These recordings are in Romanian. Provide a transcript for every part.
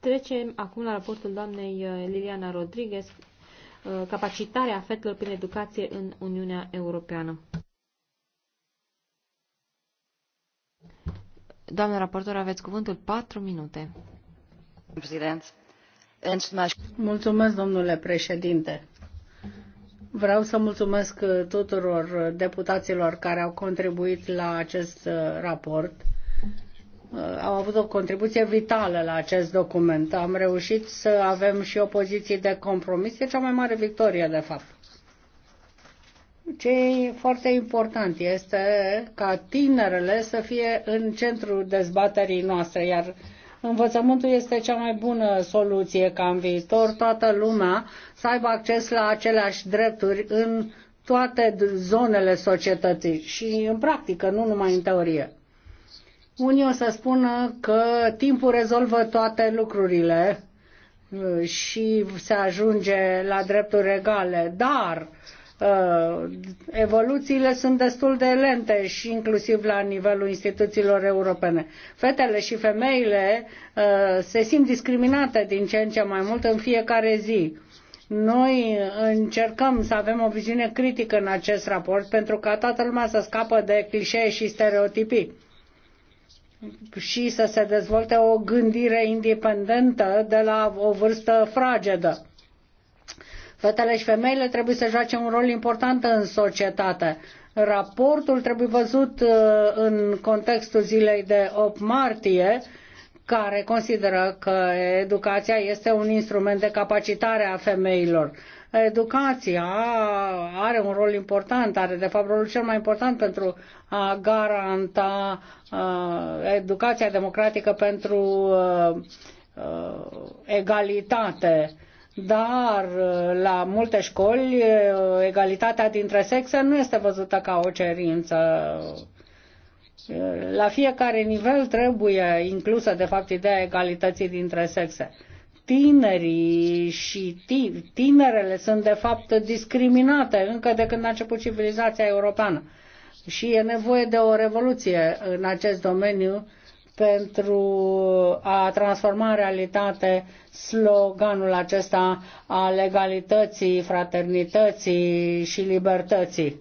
Trecem acum la raportul doamnei uh, Liliana Rodriguez, uh, capacitarea fetelor prin educație în Uniunea Europeană. Doamna raportor, aveți cuvântul 4 minute. Mulțumesc, domnule președinte. Vreau să mulțumesc tuturor deputaților care au contribuit la acest uh, raport Uh, au avut o contribuție vitală la acest document. Am reușit să avem și o poziție de compromis. E cea mai mare victorie, de fapt. Ce e foarte important este ca tinerele să fie în centrul dezbaterii noastre, iar învățământul este cea mai bună soluție ca în viitor toată lumea să aibă acces la aceleași drepturi în toate zonele societății și în practică, nu numai în teorie. Unii o să spună că timpul rezolvă toate lucrurile uh, și se ajunge la drepturi egale, dar uh, evoluțiile sunt destul de lente și inclusiv la nivelul instituțiilor europene. Fetele și femeile uh, se simt discriminate din ce în ce mai mult în fiecare zi. Noi încercăm să avem o viziune critică în acest raport pentru ca toată lumea să scapă de clișee și stereotipii și să se dezvolte o gândire independentă de la o vârstă fragedă. Fetele și femeile trebuie să joace un rol important în societate. Raportul trebuie văzut uh, în contextul zilei de 8 martie, care consideră că educația este un instrument de capacitare a femeilor Educația are un rol important, are de fapt rolul cel mai important pentru a garanta uh, educația democratică pentru uh, uh, egalitate dar la multe școli egalitatea dintre sexe nu este văzută ca o cerință. La fiecare nivel trebuie inclusă, de fapt, ideea egalității dintre sexe tinerii și tinerele sunt de fapt discriminate încă de când a început civilizația europeană. Și e nevoie de o revoluție în acest domeniu pentru a transforma în realitate sloganul acesta al egalității, fraternității și libertății.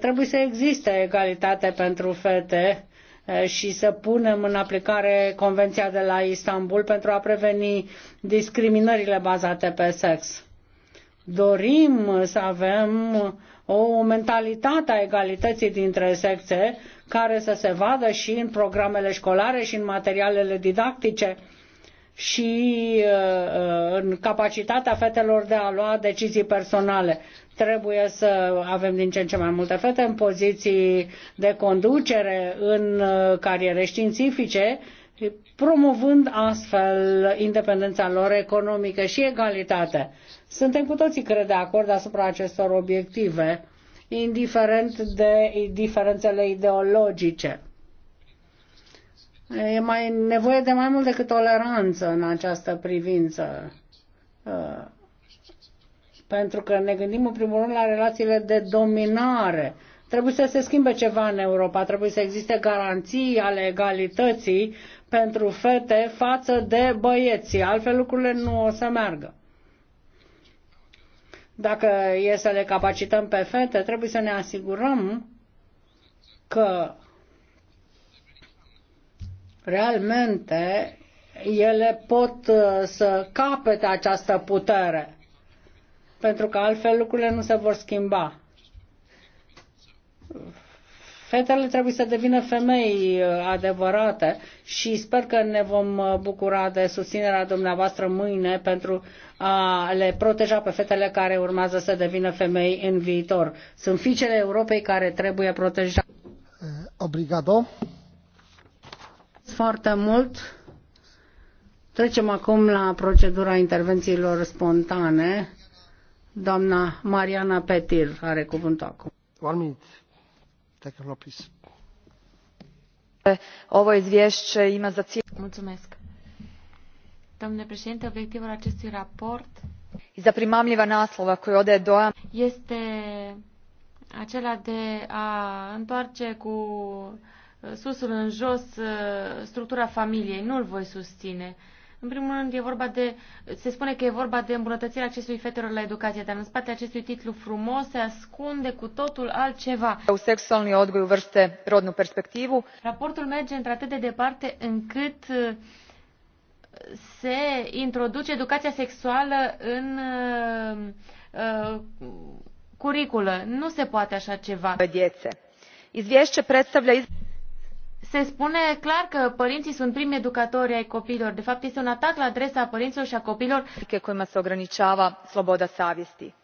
Trebuie să existe egalitate pentru fete Eh, și să punem în aplicare Convenția de la Istanbul pentru a preveni discriminările bazate pe sex. Dorim să avem o mentalitate a egalității dintre sexe care să se vadă și în programele școlare și în materialele didactice și eh, în capacitatea fetelor de a lua decizii personale. Trebuie să avem din ce în ce mai multe fete în poziții de conducere în uh, cariere științifice, promovând astfel independența lor economică și egalitate. Suntem cu toții, cred, de acord asupra acestor obiective, indiferent de diferențele ideologice. E mai nevoie de mai mult decât toleranță în această privință. Uh, pentru că ne gândim în primul rând la relațiile de dominare. Trebuie să se schimbe ceva în Europa, trebuie să existe garanții ale egalității pentru fete față de băieții, altfel lucrurile nu o să meargă. Dacă e să le capacităm pe fete, trebuie să ne asigurăm că realmente ele pot uh, să capete această putere pentru că altfel lucrurile nu se vor schimba. Fetele trebuie să devină femei uh, adevărate și sper că ne vom uh, bucura de susținerea dumneavoastră mâine pentru a le proteja pe fetele care urmează să devină femei în viitor. Sunt fiicele Europei care trebuie protejate. Uh, obrigado. Foarte mult. Trecem acum la procedura intervențiilor spontane. Doamna Mariana Petir are cuvântul acum. One minute. Take a please. Ovo izvješće ima za cilj... Mulțumesc. Domnule președinte, obiectivul acestui raport iza primamljiva naslova koji odaje dojam este acela de a întoarce cu susul în jos uh, structura familiei. Nu-l voi susține. Uh, în primul rând, e vorba de, se spune că e vorba de îmbunătățirea acestui fetelor la educație, dar în spatele acestui titlu frumos se ascunde cu totul altceva. U seksualni odgoj vrste rodnu perspectivu. Raportul merge într-atât de departe încât uh, se introduce educația sexuală în uh, uh, curiculă. Nu se poate așa ceva. Djece. Izvješće predstavlja se spune clar că părinții sunt primi educatori ai copiilor. De fapt, este un atac la adresa părinților și a copiilor. kojima se ograniceava sloboda savjesti.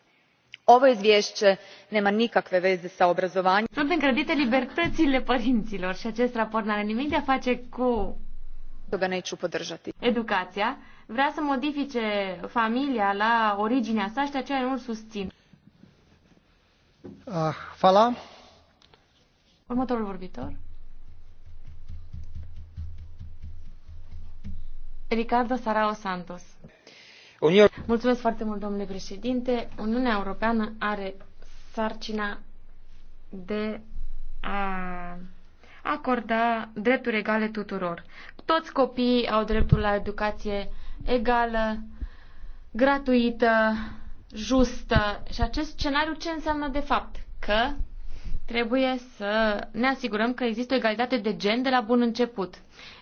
Ovo izvješće nema nikakve veze sa obrazovanjem. Sunt încredite libertățile părinților și acest raport n-are nimic de a face cu toga neću podržati. Educația vrea să modifice familia la originea sa și de aceea nu-l susțin. Uh, fala. Următorul vorbitor. Ricardo Sarao Santos. Union... Mulțumesc foarte mult, domnule președinte. Uniunea Europeană are sarcina de a acorda drepturi egale tuturor. Toți copiii au dreptul la educație egală, gratuită, justă. Și acest scenariu ce înseamnă de fapt? Că trebuie să ne asigurăm că există o egalitate de gen de la bun început.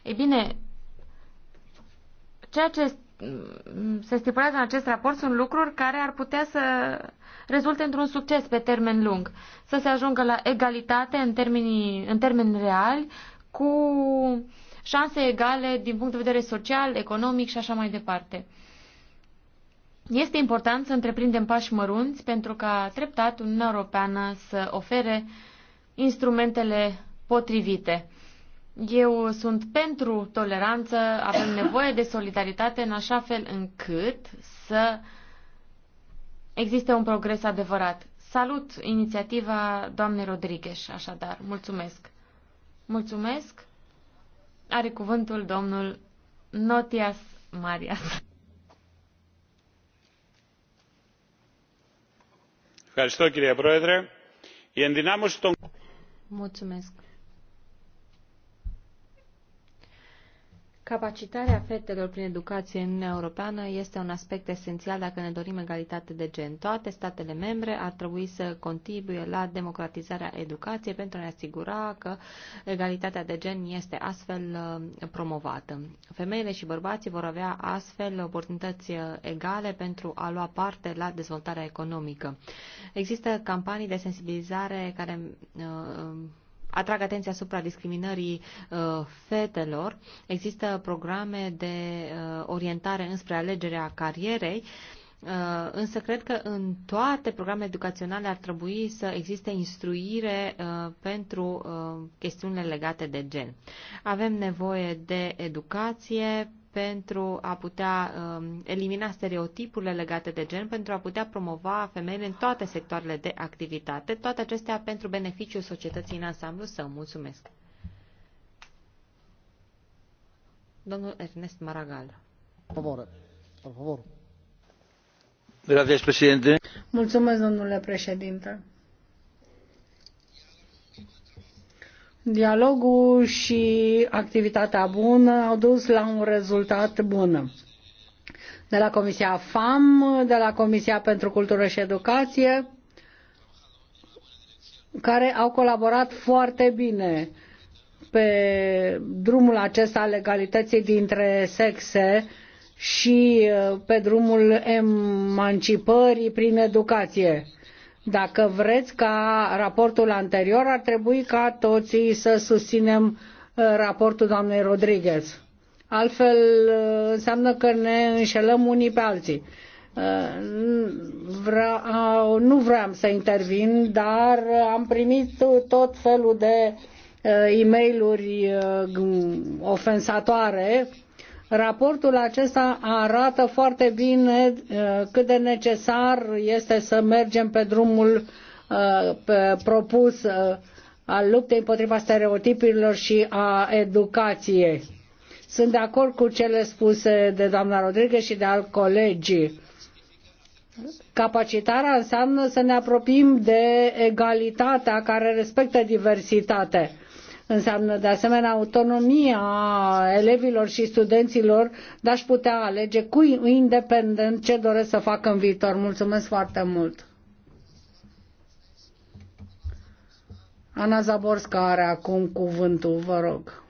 Ei bine, Ceea ce mm, se stipulează în acest raport sunt lucruri care ar putea să rezulte într-un succes pe termen lung, să se ajungă la egalitate în, termenii, în termeni reali cu șanse egale din punct de vedere social, economic și așa mai departe. Este important să întreprindem pași mărunți pentru ca treptat Uniunea Europeană să ofere instrumentele potrivite. Eu sunt pentru toleranță, avem nevoie de solidaritate în așa fel încât să existe un progres adevărat. Salut inițiativa doamnei Rodriguez, așadar. Mulțumesc. Mulțumesc. Are cuvântul domnul Notias Marias. Mulțumesc. Capacitarea fetelor prin educație în Uniunea Europeană este un aspect esențial dacă ne dorim egalitate de gen. Toate statele membre ar trebui să contribuie la democratizarea educației pentru a ne asigura că egalitatea de gen este astfel uh, promovată. Femeile și bărbații vor avea astfel oportunități uh, egale pentru a lua parte la dezvoltarea economică. Există campanii de sensibilizare care uh, atrag atenția asupra discriminării uh, fetelor. Există programe de uh, orientare înspre alegerea carierei uh, însă cred că în toate programele educaționale ar trebui să existe instruire pentru chestiunile legate de gen. Avem nevoie de educație pentru a putea um, elimina stereotipurile legate de gen, pentru a putea promova femeile în toate sectoarele de activitate, toate acestea pentru beneficiul societății în ansamblu Să Mulțumesc! Domnul Ernest Maragal. favor. Mulțumesc, domnule președinte. Dialogul și activitatea bună au dus la un rezultat bun. De la Comisia FAM, de la Comisia pentru Cultură și Educație, care au colaborat foarte bine pe drumul acesta al legalității dintre sexe și uh, pe drumul emancipării prin educație. Dacă vreți ca raportul anterior, ar trebui ca toții să susținem uh, raportul doamnei Rodriguez. Altfel uh, înseamnă că ne înșelăm unii pe alții. Uh, vreau, nu vreau să intervin, dar am primit tot felul de e mail ofensatoare Raportul acesta arată foarte bine uh, cât de necesar este să mergem pe drumul uh, propus uh, al luptei împotriva stereotipurilor și a educației. Sunt de acord cu cele spuse de doamna Rodriguez și de al colegii. Capacitarea înseamnă să ne apropiem de egalitatea care respectă diversitatea Înseamnă de asemenea autonomia elevilor și studenților de a-și putea alege cu independent ce doresc să facă în viitor. Mulțumesc foarte mult! Ana Zaborska are acum cuvântul, vă rog.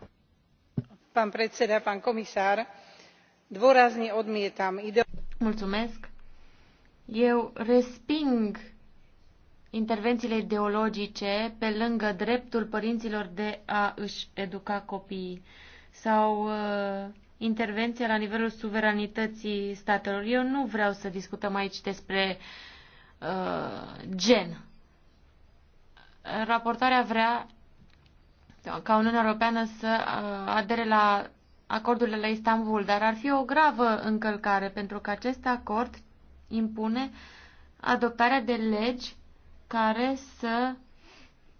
Pan predseda, pan comisar, dvorazni odmietam. Mulțumesc. Eu resping intervențiile ideologice pe lângă dreptul părinților de a își educa copiii sau uh, intervenția la nivelul suveranității statelor. Eu nu vreau să discutăm aici despre uh, gen. Raportarea vrea ca Uniunea Europeană să uh, adere la acordurile la Istanbul, dar ar fi o gravă încălcare pentru că acest acord impune adoptarea de legi care să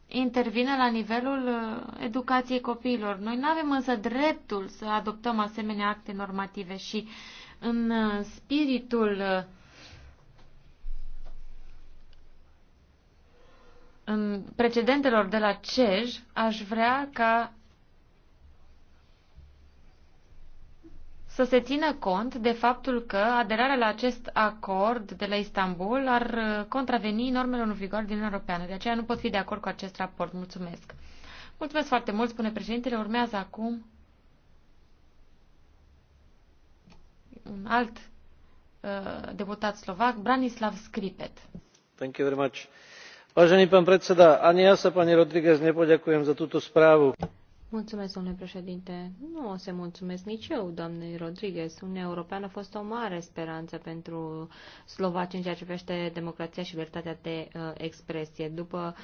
intervine la nivelul uh, educației copiilor. Noi nu avem însă dreptul să adoptăm asemenea acte normative și în uh, spiritul uh, în precedentelor de la CEJ aș vrea ca să se țină cont de faptul că aderarea la acest acord de la Istanbul ar uh, contraveni normelor în vigoare din Uniunea Europeană. De aceea nu pot fi de acord cu acest raport. Mulțumesc. Mulțumesc foarte mult, spune președintele. Urmează acum un alt uh, deputat slovac, Branislav Skripet. Thank you very much. Vážený pán predseda, ani ja sa pani Rodríguez nepoďakujem za túto správu. Mulțumesc, domnule președinte. Nu o să mulțumesc nici eu, doamne Rodriguez. Uniunea Europeană a fost o mare speranță pentru Slovaci în ceea ce privește democrația și libertatea de uh, expresie. După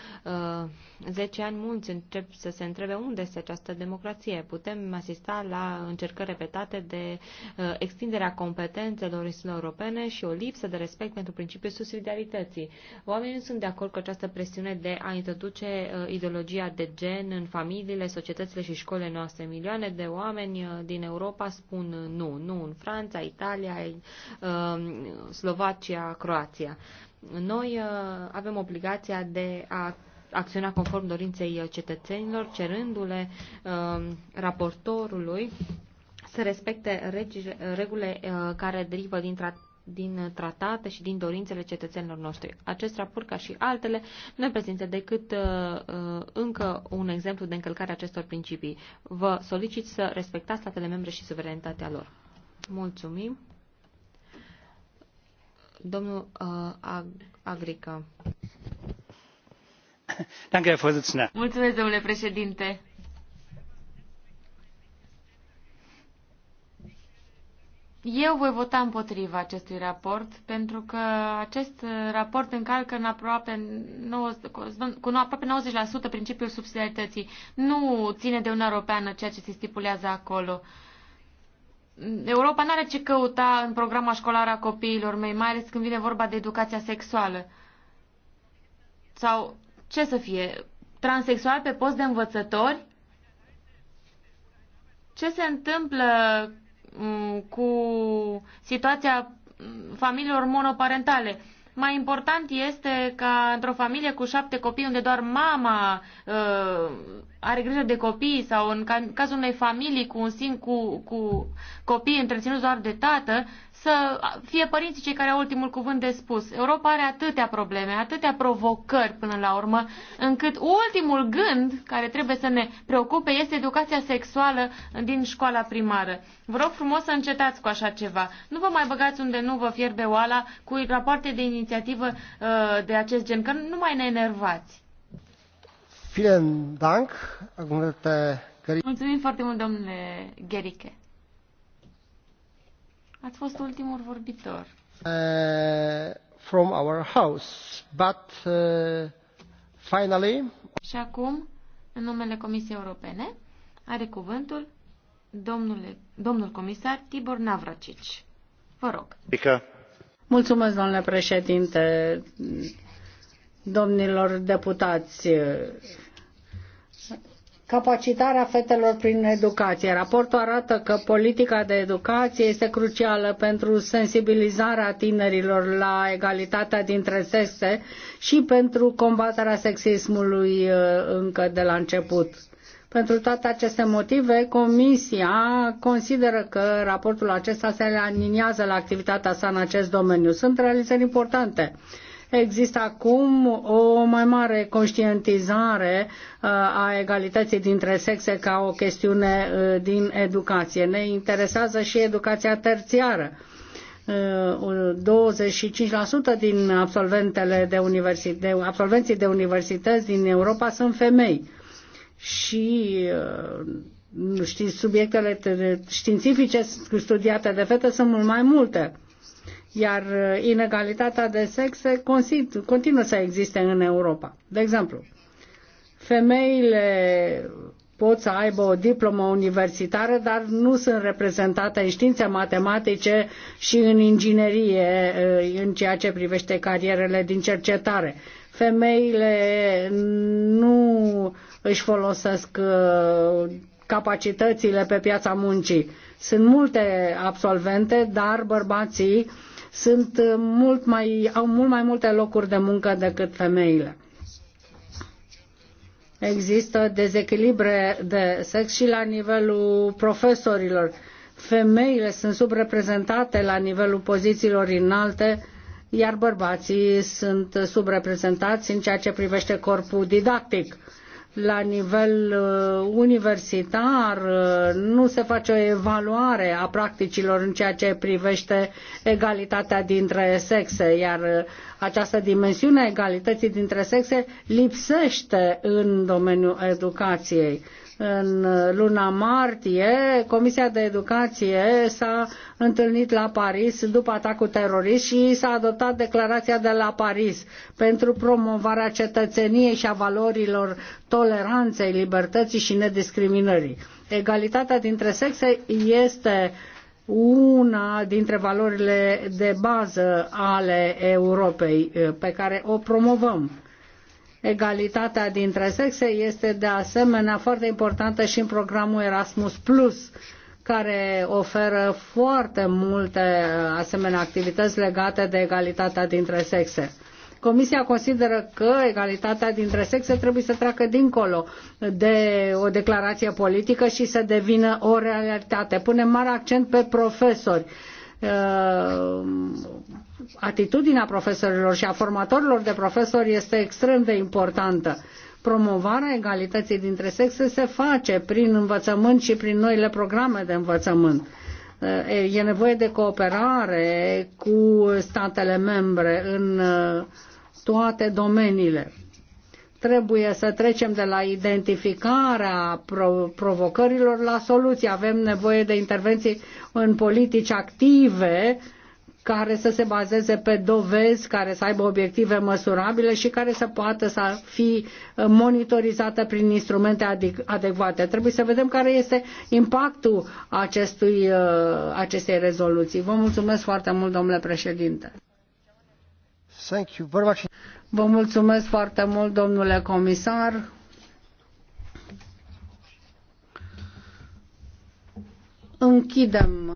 uh, 10 ani, mulți încep să se întrebe unde este această democrație. Putem asista la încercări repetate de uh, extinderea competențelor instituțiilor europene și o lipsă de respect pentru principiul subsidiarității. Oamenii nu sunt de acord cu această presiune de a introduce uh, ideologia de gen în familiile, societățile universitățile și școlile noastre. Milioane de oameni uh, din Europa spun uh, nu, nu în Franța, Italia, uh, Slovacia, Croația. Noi avem obligația de a acționa conform dorinței cetățenilor, cerându-le raportorului să respecte regulile care derivă din tratat din tratate și din dorințele cetățenilor noștri. Acest raport, ca și altele, nu prezintă decât uh, uh, încă un exemplu de încălcare a acestor principii. Vă solicit să respectați statele membre și suverenitatea lor. Mulțumim. Domnul uh, Agrică. Mulțumesc, domnule președinte Eu voi vota împotriva acestui raport, pentru că acest raport încalcă în aproape 90, cu aproape 90% principiul subsidiarității. Nu ține de Uniunea Europeană ceea ce se stipulează acolo. Europa nu are ce căuta în programa școlară a copiilor mei, mai ales când vine vorba de educația sexuală. Sau ce să fie? Transexual pe post de învățători? Ce se întâmplă Mm, cu situația mm, familiilor monoparentale. Mai important este ca într-o familie cu șapte copii, unde doar mama uh, are grijă de copii sau în cazul unei familii cu un sim cu, cu copii întreținuți doar de tată, să fie părinții cei care au ultimul cuvânt de spus. Europa are atâtea probleme, atâtea provocări până la urmă, încât ultimul gând care trebuie să ne preocupe este educația sexuală din școala primară. Vă rog frumos să încetați cu așa ceva. Nu vă mai băgați unde nu vă fierbe oala cu rapoarte de inițiativă uh, de acest gen, că nu mai ne enervați. Mulțumim foarte mult, domnule Gerike. Ați fost ultimul vorbitor. Uh, from our house, but uh, finally... Și acum, în numele Comisiei Europene, are cuvântul domnule, domnul comisar Tibor Navracici. Vă rog. Mulțumesc, domnule președinte domnilor deputați. Capacitarea fetelor prin educație. Raportul arată că politica de educație este crucială pentru sensibilizarea tinerilor la egalitatea dintre sexe și pentru combaterea sexismului uh, încă de la început. Pentru toate aceste motive, Comisia consideră că raportul acesta se aliniază la activitatea sa în acest domeniu. Sunt realizări importante Există acum o mai mare conștientizare uh, a egalității dintre sexe ca o chestiune uh, din educație. Ne interesează și educația terțiară. 25% uh, din absolventele de universi- de, absolvenții de universități din Europa sunt femei. Și știți, subiectele științifice studiate de fete sunt mult mai multe iar uh, inegalitatea de sexe continuă să existe în Europa. De exemplu, femeile pot să aibă o diplomă universitară, dar nu sunt reprezentate în științe matematice și în inginerie uh, în ceea ce privește carierele din cercetare. Femeile nu își folosesc uh, capacitățile pe piața muncii. Sunt multe absolvente, dar bărbații sunt uh, mult mai, au mult mai multe locuri de muncă decât femeile. Există dezechilibre de sex și la nivelul profesorilor. Femeile sunt subreprezentate la nivelul pozițiilor înalte, iar bărbații sunt subreprezentați în ceea ce privește corpul didactic la nivel uh, universitar, uh, nu se face o evaluare a practicilor în ceea ce privește egalitatea dintre sexe, iar uh, această dimensiune a egalității dintre sexe lipsește în domeniul educației în luna martie, Comisia de Educație s-a întâlnit la Paris după atacul terorist și s-a adoptat declarația de la Paris pentru promovarea cetățeniei și a valorilor toleranței, libertății și nediscriminării. Egalitatea dintre sexe este una dintre valorile de bază ale Europei eh, pe care o promovăm Egalitatea dintre sexe este de asemenea foarte importantă și în programul Erasmus Plus, care oferă foarte multe uh, asemenea activități legate de egalitatea dintre sexe. Comisia consideră că egalitatea dintre sexe trebuie să treacă dincolo de o declarație politică și să devină o realitate. Pune mare accent pe profesori uh, atitudinea profesorilor și a formatorilor de profesori este extrem de importantă. Promovarea egalității dintre sexe se face prin învățământ și prin noile programe de învățământ. E nevoie de cooperare cu statele membre în uh, toate domeniile. Trebuie să trecem de la identificarea provocărilor la soluții. Avem nevoie de intervenții în politici active uh, care să se bazeze pe dovezi, care să aibă obiective măsurabile și care să poată să fie monitorizată prin instrumente adecvate. Trebuie să vedem care este impactul acestui, uh, acestei rezoluții. Vă mulțumesc foarte mult, domnule președinte. Thank you very much. Vă mulțumesc foarte mult, domnule comisar. Închidem.